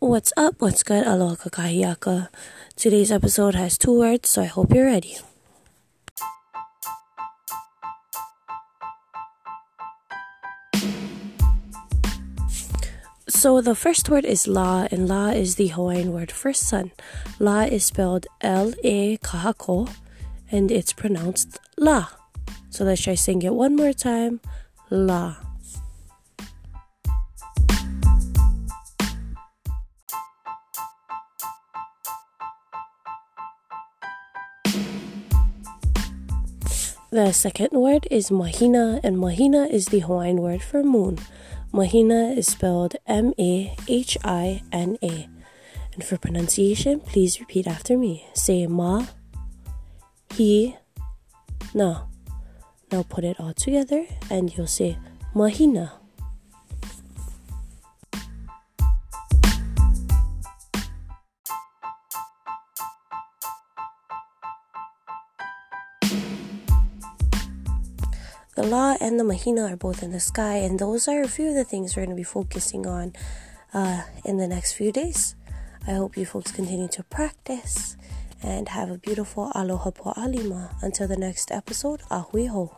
What's up? What's good? Aloha kakahiyaka. Today's episode has two words, so I hope you're ready. So the first word is la, and la is the Hawaiian word for sun. La is spelled L A kahako, and it's pronounced la. So let's try saying it one more time, la. The second word is mahina, and mahina is the Hawaiian word for moon. Mahina is spelled M A H I N A. And for pronunciation, please repeat after me. Say ma, he, na. Now put it all together and you'll say mahina. The law and the mahina are both in the sky, and those are a few of the things we're going to be focusing on uh, in the next few days. I hope you folks continue to practice and have a beautiful aloha po'alima. Until the next episode, ahui ho.